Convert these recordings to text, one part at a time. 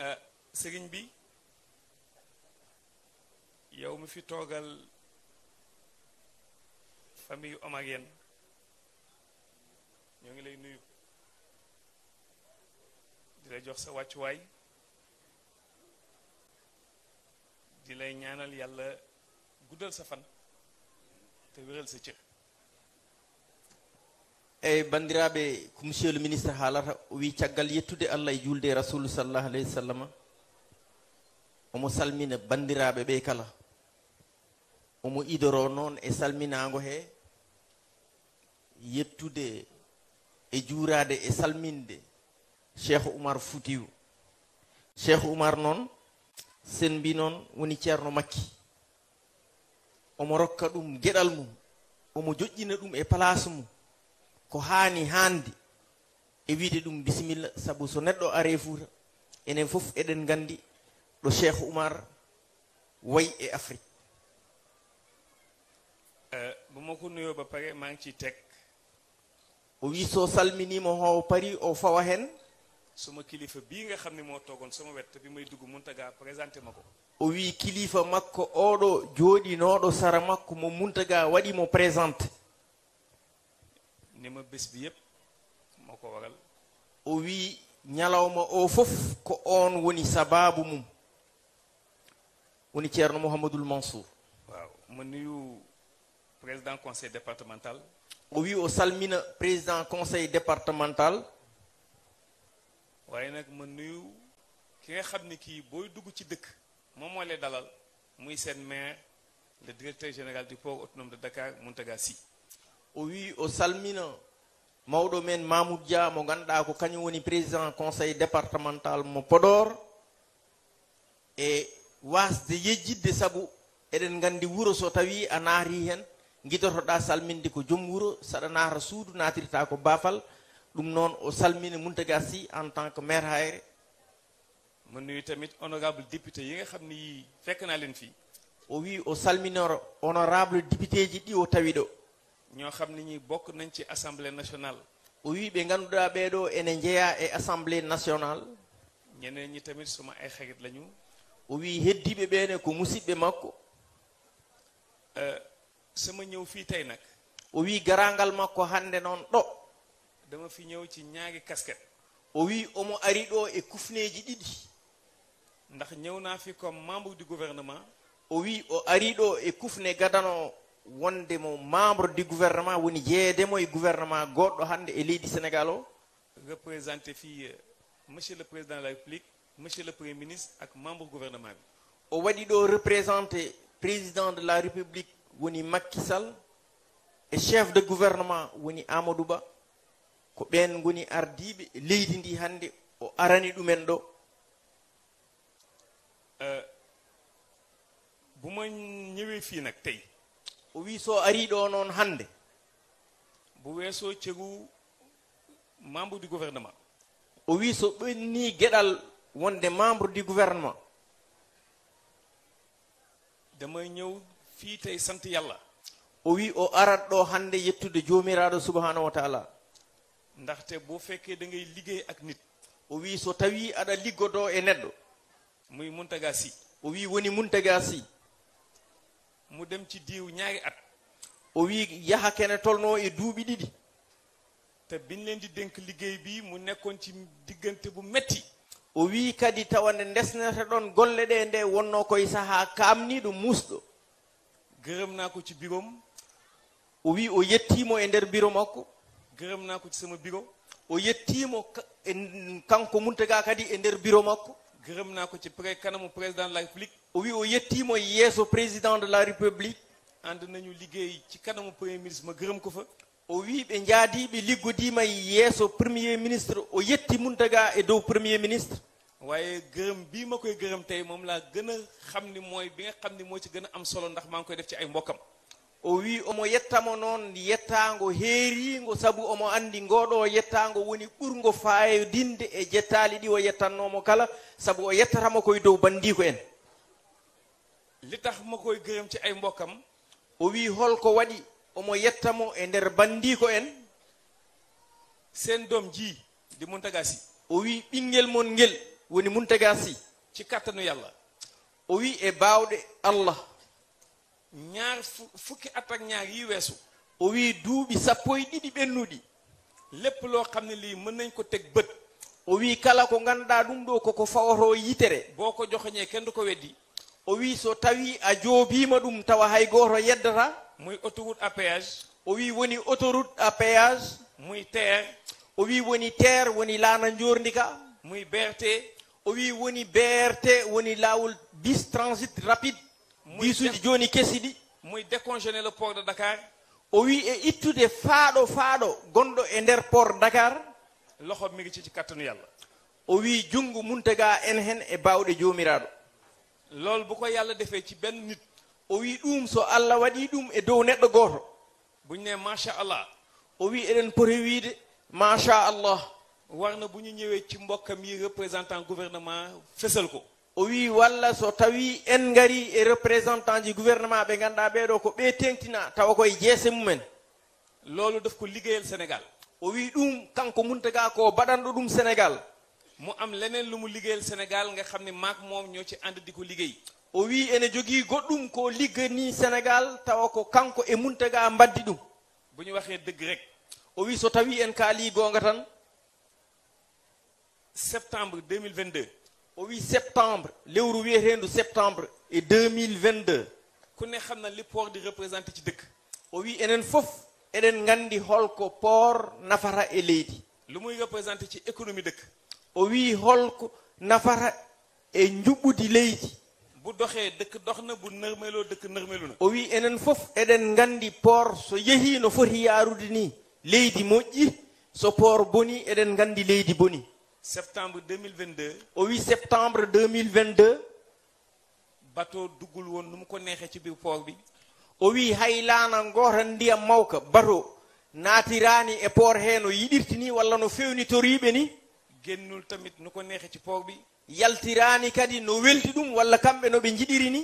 Euh, sëriñ bi yow mi fi toogal famille Omar yéen ñoo ngi lay nuyu di la jox sa wàccuwaay di lay ñaanal yàlla guddal sa fan te wéral sa cër eyi bandiraɓe ko monsieur le ministre haalata o wi caggal yettude allah e julde e rasulu sallllahu alayhi wa omo salmina bandiraɓe ɓe kala omo idoro noon e salminago he yettude e juurade e salminde cheikh oumar foutiyu cheikh oumar noon sen noon woni ceerno makki omo rokka ɗum gueɗal mum omo joƴƴina ɗum e place mum ko haani handi e wiide ɗum bisimilla sabu so neɗɗo are fuuta enen fof eɗen gandi ɗo cheikh oumar wayi e afrique e, bomo ko nuyoɓa pare manci tek o wi so salminima howo paari o fawa hen somo kilifa bi nga xam ne moo toogoon sama wet te bi may dugg muntaga présenté ma ko o wi kilifa makko oɗo jooɗinoɗo sara makko mo muntaga waɗimo présenté ni ma bés bi yépp moo ko waral o wi ñalawma o fof ko on woni sababu mum woni ceerno mouhamadoul mansour waaw ma nuyu président conseil départemental o wi o salmina président conseil départemental waaye nag ma nuyu ki nga xam ni kii booy dugg ci dëkk moom moo lay dalal muy seen maire le directeur général du port autonome de Dakar Mountaga o wi o salmina mawɗo men mamoud dia mo ganduɗa ko kañum woni président conseil départemental mo podor e wasde yejjidde saabu eɗen gandi wuuro so tawi a hen guidotoɗa salminde ko joom wuuro saɗa naata suudu natirta ko baafal ɗum noon o salmina muntaga en tant que maire hayre ma nuyu tamit honorable député yi nga xam ni fekk leen fii o o salminoro honorable député ɗi o ɗo ñoo xam ne ñi bokk nañ ci assemblée nationale o wi ɓe ngannduɗaa ene njeya e assemblée nationale ñeneen ñi tamit suma ay xarit lañu o wi heddiiɓe ɓeene ko musidɓe makko euh, sama ñëw fii tey nag o wi makko hannde noon ɗo dama fi ñëw ci ñaagi casquette o omo ari ɗo e kufneeji ɗiɗi ndax ñëw naa fi comme membre du gouvernement o o ari ɗo e kufne gadano wonde mo membre du gouvernement woni yeedemo e gouvernement goɗɗo hannde e leydi sénégal o représenté fi euh, monsieur le président la république monsieur le premier ministre ak membre gouvernement bi o waɗi ɗo représenté président de la république woni makkisal e chef de gouvernement woni amadou ba ko ɓen goni ardiɓe leydi ndi hannde o arani ɗumen ɗo euh, bu ma ñëwee fii nag tey o wi so ari ɗo noon hannde mbo weeso cegu membre du gouvernement o so ɓenni geɗal wonde membre du gouvernement damay ñëw fii tey sant yàlla o wi o arat ɗo hannde yettude joomiraaɗo subahanahu wa taala ndaxte boo fekkee da liggéey ak nit o so tawi aɗa liggodoo e neɗɗo muy muntaga si woni muntaga mu dem ci diiw ñaari at o yaha kene tolno e duuɓi ɗiɗi te biñ leen di dénk liggéey bi mu nekkoon ci diggante bu metti o wi tawa tawande ndesnata ɗon golle ɗe nde wonno koye sahaa kaamniiɗo muusɗo gërëm naa ko ci bureau am o wi o e nder bureau makko gërëm naa ko ci sama bureau o yettiimo kanko muntaga kadi e nder bureau makko gërëm naa ko ci pré kanamu président de la république o wi o yettimo yeeso président de la république ànd nañu liggéey ci kanamu premier ministre ma gërëm ko fa o oh, wi ɓe jaadiɓe liggodima yeeso premier ministre o oh, yetti muntaga e dow premier ministre waaye gërëm bii ma koy gërëm tey moom laa gën a xam ni mooy bi nga xam ni moo ci gën a am solo ndax maa ngi koy def ci ay mbokkam o oh, wi omo yettamo noon yettago heerigo saabu omo andi ngoɗo yettago woni ɓurgo faayodinde e jettali ɗi o yettannomo kala saabu o yettatamo dow bandiko en li tax ma koy ci ay mbokkam o wi holko waɗi omo yettamo e nder bandiko en seen doom ji di muntaga si o mon ngel woni muntaga ci kattanu yàlla o wi e baawɗe allah ñaar fukki at ak yi weesu o wi duuɓi sappo e ɗiɗi ɓennuɗi lépp loo xam ne lii mën nañ ko teg bët o wi kala ko ganduɗa ɗum ɗo koko fawoto yitere boo ko joxoñee kenn du ko weddi o so tawi a joobima ɗum tawa hay goto yeddata muy autoroute à péage o wi woni autoroute à péage muy terre o wi woni terre woni laana jordi ka muy brt o wi woni brt woni lawol bis transit rapide bisuji de dakar o wi e ittude faaɗo faaɗo gonɗo e nder port dakar loho migi cici kattanu yallah o en hen e bawɗe joomiraɗo lool bu ko yàlla defee ci benn nit o wi ɗum so allah waɗi ɗum e dow neɗɗo gooto buñ ne macha allah o wi eɗen poti wiide allah war na bu ñu ñëwee ci mbokkam yi représentant gouvernement fesal ko o walla so tawi en ngari e représentant ji gouvernement ɓe ganduɗa ɓeɗo ko ɓe tengtina tawa koye jeese mumen loolu daf ko liggéeyal sénégal o ɗum kanko muntaga ko baɗanɗo ɗum sénégal mu am leneen lu mu liggéeyal Sénégal nga xam ne maak moom ñoo ci ànd di ko liggéey o wi ene jogii goɗɗum ko liggani sénégal tawa ko kanko e muntaga mbaddi ɗum bu ñu waxee dëgg rek o wi so tawi en kaali goonga tan septembre 2022 o wi septembre lewru wiyeteendu septembre e 2022 ne xam na li port di représenté ci dëkk o wi enen fof eɗen nganndi holko port nafata e leydi lu muy représenté ci économie dëkk o wi holko nafata e juɓɓudi leydi bu doxee dëkk dox na bu nërmeloo dëkk nërmelu na o wi enen fof eɗen gandi port so yeehi no foti yaarude ni leydi moƴƴi so port boni eɗen gandi leydi boni septembre 2022 o wi septembre bato bateau duggul woon nu mu ko neexee ci biir port bi o wi hay laana ndiyam mawka bateau naatiraani e port hee no yiɗirti ni walla no fewnitoriiɓe ni génnul tamit nu ko neexe ci poow bi yaltiraani kadi no welti ɗum walla kamɓe no ɓe jiɗiri ni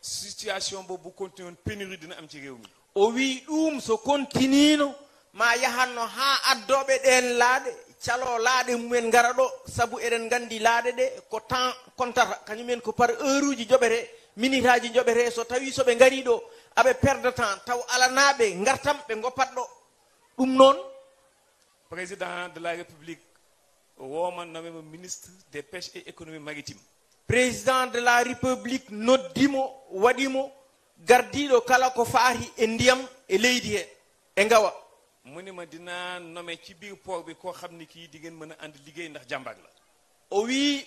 situation bo bu continue on pénurie dina am ci réew mi o wi ɗum so continino ma yahanno ha addoɓe ɗen laaɗe calo laaɗe mumen ngara ɗo sabu eɗen gandi laaɗe ɗe ko temps contata kañumen ko par heure uji joɓete minute aji joɓete so tawi soɓe ɗo aɓe perde temps taw alanaɓe gartam ɓe goppat ɗo ɗum noon président de la république woman nommé ma ministre des pêches et économie maritime président de la république noddimo waɗimo gardiɗo kala ko faari e ndiyam e leydi he e ngawa munima dina nommé ci biir port bi koo xam ni kii di ngeen mën a ànd liggéey ndax jàmbaar la o wii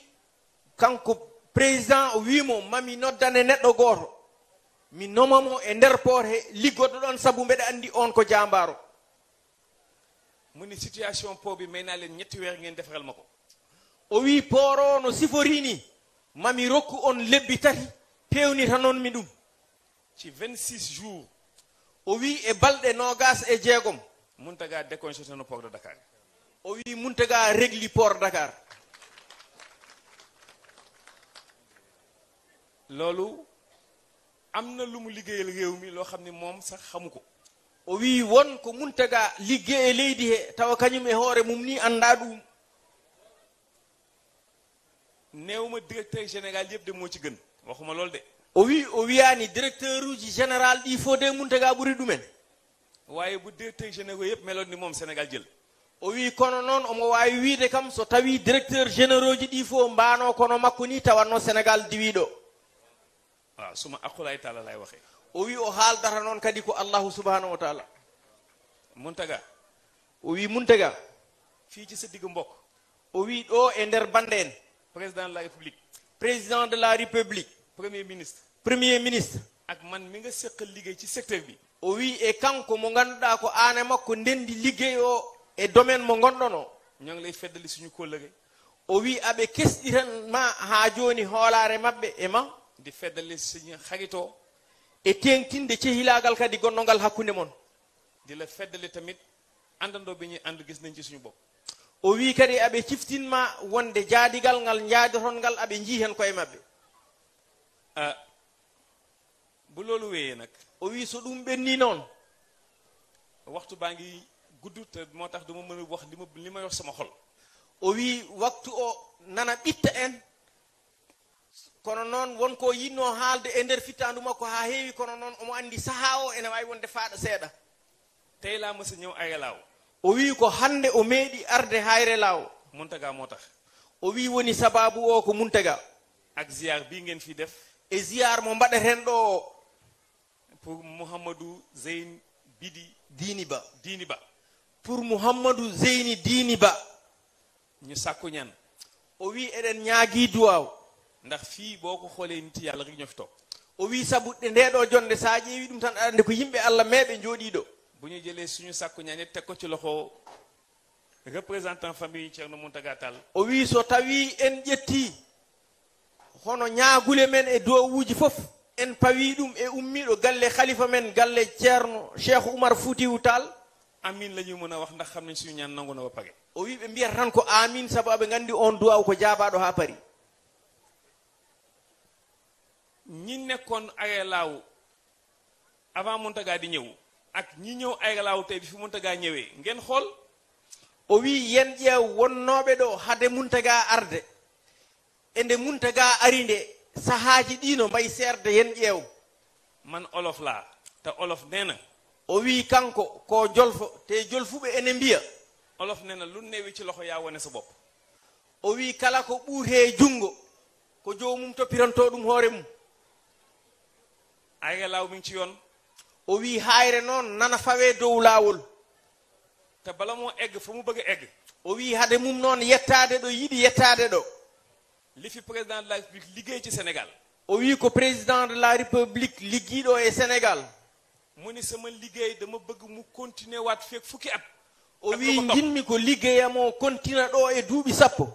kanko président o wiimo mami noddane neɗɗo gooto mi nomamo e nder port he liggoɗo ɗon sabu mbeɗa anndi on ko jambaaro mu ni situation po bi may naa leen ñetti weer ngeen defaral ma ko o wi pooro no siforini mami rokku on lebbi tati pewnitanoonmi ɗum ci 26 jours e balɗe nogas e jeegom muntaga déconceté no port dakar o muntaga régli port dakar loolu am na lu mu liggéeyal réew mi loo xam ni moom sax xamu ko o won ko muntaga ligge e leydi he tawa kañum e hoore mum ni annda ɗum newma directeur général yebde moci gën waxuma lool de o wi o wiyani directeur uji général ɗi fo de muntaga ɓuuri ɗumen wawi bo directeur généraux yeb melonde moom sénégal jël o wi kono noon omo wawi wiide kam so tawi directeur généraux ji ɗi fo mbano kono makko ni tawanno sénégal diwiɗo waaw suma aqulay lay waxe o wi o haaldata noon kadi ko allahu subahanahu wa muntaga o wi muntaga fiiji siddigo mbok o wi e nder bande en président de la république président de la république premier ministre premier ministre ak man mi nga seqal liggéey ci secteur bi o e kanko mo ganduɗa ko an e makko ndendi liggéey o e domaine mo gonɗon o ngi lay feddali suñu kollëge aɓe kesɗitan ma ha joni hoolare mabɓe e ma di feddali suñu xarit o e tengtinde cehilagal kadi gonnogal hakkunde moon di la feddali tamit àndandoo bi ñuy ànd gis nañ ci suñu bopp o wi kadi aɓe ciftinma wonde jaadigal ngal jaadoton ngal aɓe jii hen koye mabɓe ah, bu loolu wéyee nag o wi so ɗum ɓenni noon waxtu baa ngi gudd te moo tax duma mën a wax li ma sama xol o wi waktu o nana ɓitta en kono noon wonko yinno haalde e nder fittandu makko ha heewi kono noon omo andi saaha o ene wawi wonde faaɗa seeɗa tawi laamu so ñaw aya o wi ko hande o meeɗi arde hayre e laaw muntaga motax o wi woni sababu o ko muntaga ak ziyar bi ngeen fi def e ziyar mo mbaɗaten ɗo o pour mouhamadou zeyn biɗi dini ba dini ba pour ñu sakku ñan o wi eɗen ñaagui ndax fii boo ko xoolee nit yàlla rek ñoo fi toog o wi sabu ɗe nde ɗo jonde sa ƴeewi ɗum tan aɗa ko yimɓe allah meɓe jooɗiɗo bu ñu jëlee suñu sakku ñañet teg ko ci loxo représentant famille Thierno Mountaga Tall o wi so tawi en ƴetti hono ñaagule men e dowuji fof en pawi ɗum e ummiɗo galle khalifa men galle ceerno cheikh oumar foutiwu tall amin la ñu mën a wax ndax xam nañ suñu ñaan nangu na ba pare o wi ɓe mbiyata tan ko amin sabu aɓe gandi on ñi nekkoon ayeelaaw avant Mountaga di ñëw ak ñi ñëw ayeelaaw tey bi fi Mountaga ñëwee ngeen xool o wi yen ƴeew wonnooɓe ɗo hade Mountaga arde e nde Mountaga ari sahaaji ɗi no seerde yen man olof laa te olof nee na o wii kanko ko jolfo te jolfuɓe ene mbiya olof nee na lu neewi ci loxo ya wone sa bopp o kala ko ɓuuree junngo ko joomum toppiranto hoore mum ayga laaw min ci yon o wi noon nana fawe dow laawol te bala moo egg fa mu bëgg egg o wi hade mum noon yettaade ɗo yiɗi yettaade ɗo li fi de la république liggéey ci sénégal o président de la république liggiiɗo e sénégal mu ni sama liggéey dama bëgg mu continuer waat feek fukki at o wi jinmi ko liggéeyam o continua ɗo e duuɓi sappo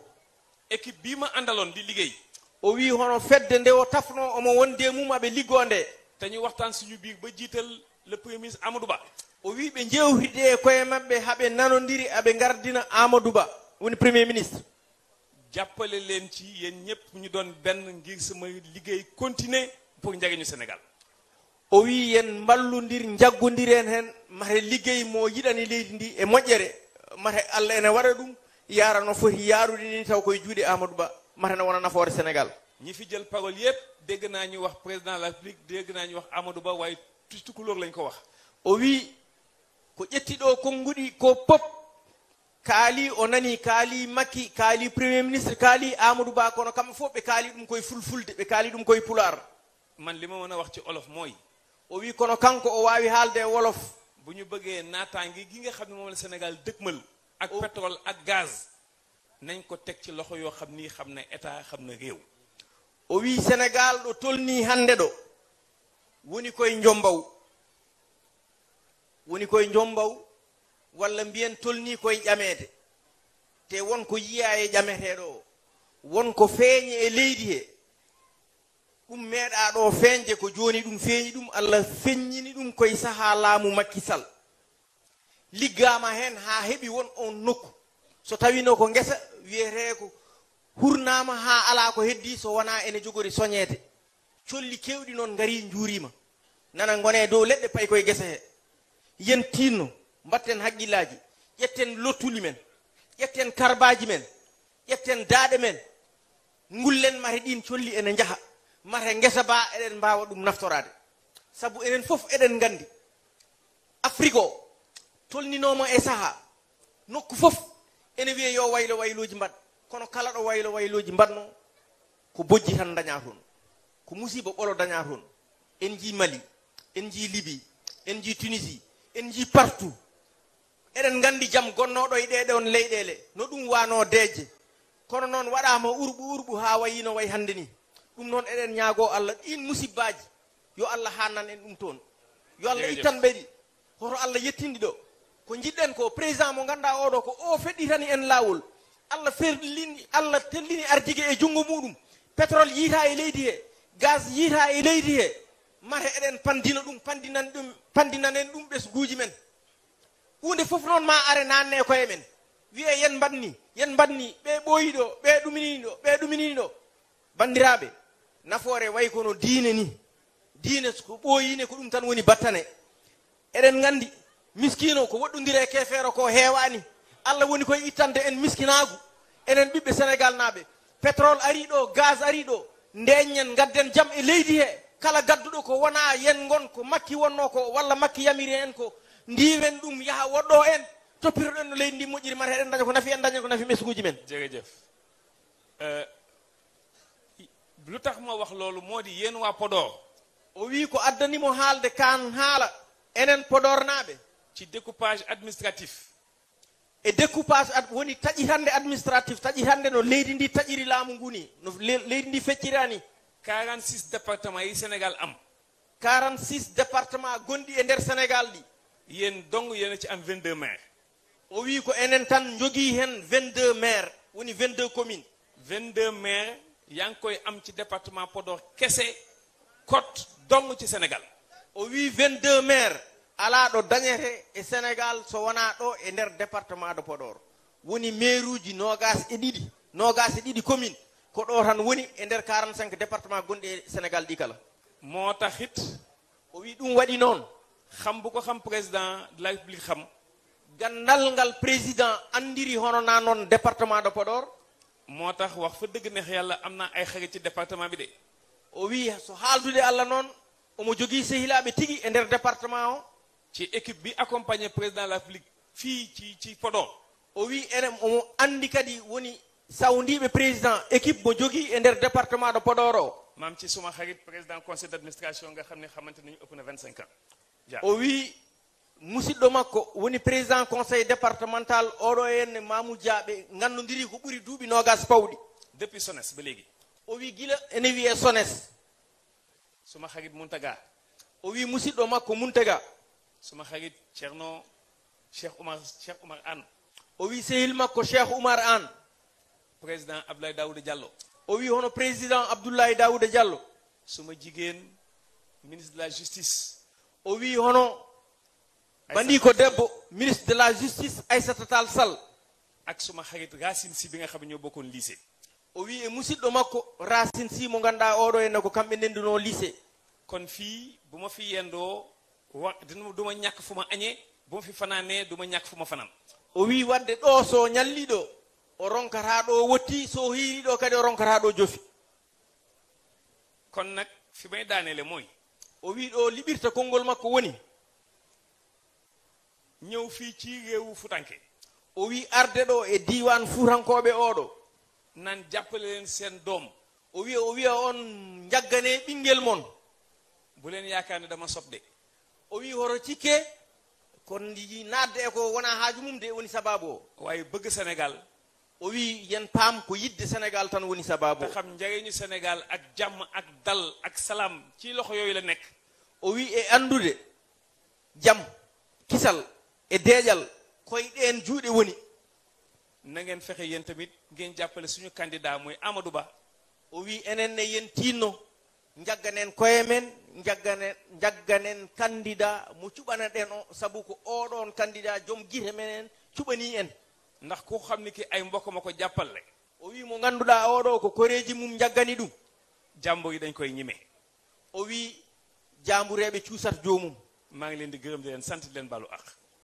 équipe bii ma àndaloon di liggéey o hono fedde nde o tafno omo wondi e mum aɓe liggoo nde te ñu waxtaan suñu biir ba jiital le premier ministre amadou ba o wi ɓe jewhide e koye maɓɓe haɓe nanodiri aɓe gardina amadou ba woni premier ministre jàppale leen ci yéen ñëpp ñu doon benn ngir sama liggéey continuer pour njariñu senegal o wi yen mballodir jaggodiren hen mate liggéey mo yiɗani leydi ndi e moƴƴere mate allah ene waɗa ɗum yarano foti yaarude ni taw koye juuɗe amadou ba mate ne wona nafoore sénégal ñi fi jël parole yépp dégg naa ñu wax président la République dégg naa ñu wax Amadou Ba waaye tukulóor lañu ko wax o wi ko ƴettiɗo konnguɗi ko pop kaali o nani kaali makki kaali premier ministre kaali amadou ba kono kamɓe fof ɓe kaali ɗum koye fulfulde ɓe kaali ɗum koye pular man lima wax ci olof mooy o wi kono kanko o waawi haalde wolof bu ñu bëggee naataange gi nga xam ne moom la sénégal dëkmal ak pétrole ak gaz nañ ko teg ci loxo yoo xam ni xam na état xam na réew o wi sénégal ɗo tolni hande ɗo woni koye jombaw woni koye jombaw walla mbiyen tolni koye ƴamede te wonko yiya e ƴameteɗo o wonko feeñe e leydi he ɗum meeɗa ɗo feeñde ko joni ɗum feeñi ɗum allah feññini ɗum koye saaha laamu makkisal liggama hen ha heeɓi won on nokku so tawino ko guesa wiyete hurnama ha ala ko heddi so wona ene jogori soñede colli kewɗi noon gari juurima nana gone dow leɗɗe pay koye he yen mbatten haqqillaji ƴetten lottuli men ƴetten karbaji men ƴetten daaɗe men gullen mate ɗin colli ene jaaha mate guesa ba eɗen mbawa ɗum naftorade saabu enen foof eɗen gandi afrique tolninoma e saaha nokku foof ene wiiya yo wayloji mbaɗa kono kala ɗo waylo wayloji mbatno ko bojji tan daña ko musiba ɓolo daña en jii mali en jii libi en jii tunisie en jii partout eɗen gandi jaam gonnoɗo e ɗeɗe on leyɗele no ɗum wano deeje kono noon waɗama urɓu urɓu ha wayino way hande ni ɗum noon eɗen ñaago allah ɗin musibbaji yo allah hannan en ɗum toon yo allah ittan ɓeɗi hoto allah yettindi ɗo ko jiɗɗen ko président mo ganduɗa oɗo ko o feɗɗitani en lawol allah ferlini allah tellini ardigue e junggo muɗum pétrole yiita e leydi he gaz yiita e leydi he mata eɗen pandina ɗum pandinan ɗum pandinanen ɗum men hunde fof noon ma are nanne koye men wiye yen mbanni ɓe ɓooyi ɗo ɓe ɗuminini ɗo ɓe ɗuminini ɗo bandiraɓe nafoore way kono diine ni diine ko ɓooyine ko ɗum tan woni battane eɗen gandi miskino ko woɗɗodire e kefeero ko heewani allah woni koye ittande en miskinagu enen ɓiɓɓe sénégal naaɓe pétrole ari ɗo gaz ari ɗo ndeñen gadden jaam e leydi he kala gadduɗo ko wona yen gon ko makki wonno ko walla makki yamiri en ko ndiwen ɗum yaaha woɗɗo en toppitoɗen no leydi ndi moƴƴiri mata eɗen daña ko nafi en daña ko nafi mesguji men euh, lu tax ma wax loolu moo di yéen waa Podor o e découpage woni taƴitande administratif taƴitande no leydi ndi taƴiri laamu nguni no leydi ndi feccirani 46 département yi sénégal am 46 département gonɗi e nder sénégal ɗi yen donc yene ci am 22 maire o wi ko enen tan jogii heen 22 maire woni 22 commune 22 maire yangi koy am ci département podor kese cote dong ci sénégal o wi 22 maire alaa ɗo dañete e sénégal so wonaa ɗo e ndeer département de podor woni maire uji nogas e ɗiɗi nogas e ɗiɗi ko ɗo tan woni e ndeer 45 gonɗi e sénégal ɗi kala moo taxit o wi ɗum waɗi noon xam bu ko xam président de la république xam gandal ngal président andiri hono naa noon département de podor moo tax wax fa dëgg neex yàlla am naa ay xarit ci département bi de o wi so haaldude allah noon omo jogii sehilaaɓe tigi e ndeer département o ci équipe bi accompagné président de la République fii ci ci Podor o wi enen omo andi kadi woni sawndiɓe président équipe mo jogui e nder département de podor o mam ci suma xarit président conseil d' administration nga xam ne xamante nañu ëpp na 25 ans o wi musidɗo makko woni président conseil départemental oɗo henne mamou diaɓe gandodiri ko ɓuuri duuɓi nogas pawɗi depuis sones ba léegi o wi guila ene wiye sones suma xarit muntaga o wi musidɗo makko muntaga suma xarit Cerno Cheikh Oumar Cheikh Oumar Anne o wi sehil makko cheikh oumar an président abdoulaye daouda diallo o hono président abdoulaye daouda diallo suma jigéen ministre de la justice o hono bandi ko debbo ministre de la justice aissata tall sall ak suma xarit racine si bi nga xam ne ñoo bokkoon lycée o wi e musidɗo makko racine si mo ganduɗa oɗo henna e ko kamɓe ndenduno lycée kon fii bu ma fi yendoo wa duma ñàkk fu ma añee fi fanaanee duma ñàkk fu ma fanaan wadde ɗo so o ronkata ɗo wotti so hiiri ɗo kadi o ronkata jofi kon nag fi may daanele mooy o wi ɗo liɓirta konngol makko woni ñëw fii ci réewu futanke o wi arde ɗo e diwan futankoɓe oɗo nan jàppale leen seen doom o wiya on jaggane ɓinguel mon bu leen yaakaar ne dama sob o wi hoto cikke kon naatde e ko wona haaju mum de woni sababu o wawi bëgg senegal o wi yen paam ko yidde sénégal tan woni sababu o xam njariñu sénégal ak jàmm ak dal ak salaam ci loxo yooyu la nekk o wi e andude jam kisal e deejal koye ɗen juuɗe woni na ngeen fexe yéen tamit ngeen jàppale suñu candidat mooy amadou ba o wi enen ne yen tiinno jagganen koye men jagganen jagganen candidat mo cuɓana ɗen o saabu ko oɗon candidat joom guite menen cuɓani en ndax ko xam ni ki ay mbokk ma ko jàppalle o wi mo ganduɗa oɗo ko koreji mum jaggani ɗum jambo yi dañ koy ñime o wi jambureɓe cuusat joomum maa ngi leen di gërëm di sant leen balu ak